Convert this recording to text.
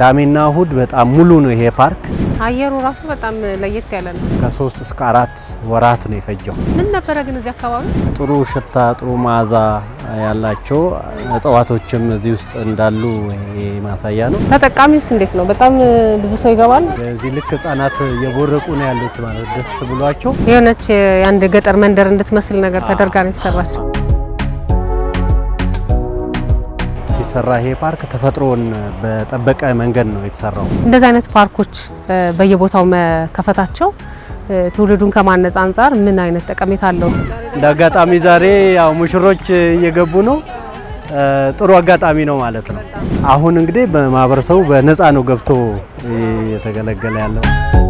ቅዳሜና እሁድ በጣም ሙሉ ነው ይሄ ፓርክ። አየሩ ራሱ በጣም ለየት ያለ ነው። ከሶስት እስከ አራት ወራት ነው የፈጀው። ምን ነበረ ግን እዚህ አካባቢ ጥሩ ሽታ፣ ጥሩ መዓዛ ያላቸው እጽዋቶችም እዚህ ውስጥ እንዳሉ ማሳያ ነው። ተጠቃሚውስ እንዴት ነው? በጣም ብዙ ሰው ይገባል። በዚህ ልክ ህጻናት እየቦረቁ ነው ያሉት፣ ማለት ደስ ብሏቸው የሆነች የአንድ ገጠር መንደር እንድትመስል ነገር ተደርጋ ነው የተሰራቸው። የተሰራ ይሄ ፓርክ ተፈጥሮን በጠበቀ መንገድ ነው የተሰራው። እንደዚህ አይነት ፓርኮች በየቦታው መከፈታቸው ትውልዱን ከማነጽ አንጻር ምን አይነት ጠቀሜታ አለው? እንደ አጋጣሚ ዛሬ ያው ሙሽሮች እየገቡ ነው። ጥሩ አጋጣሚ ነው ማለት ነው። አሁን እንግዲህ በማህበረሰቡ በነፃ ነው ገብቶ እየተገለገለ ያለው።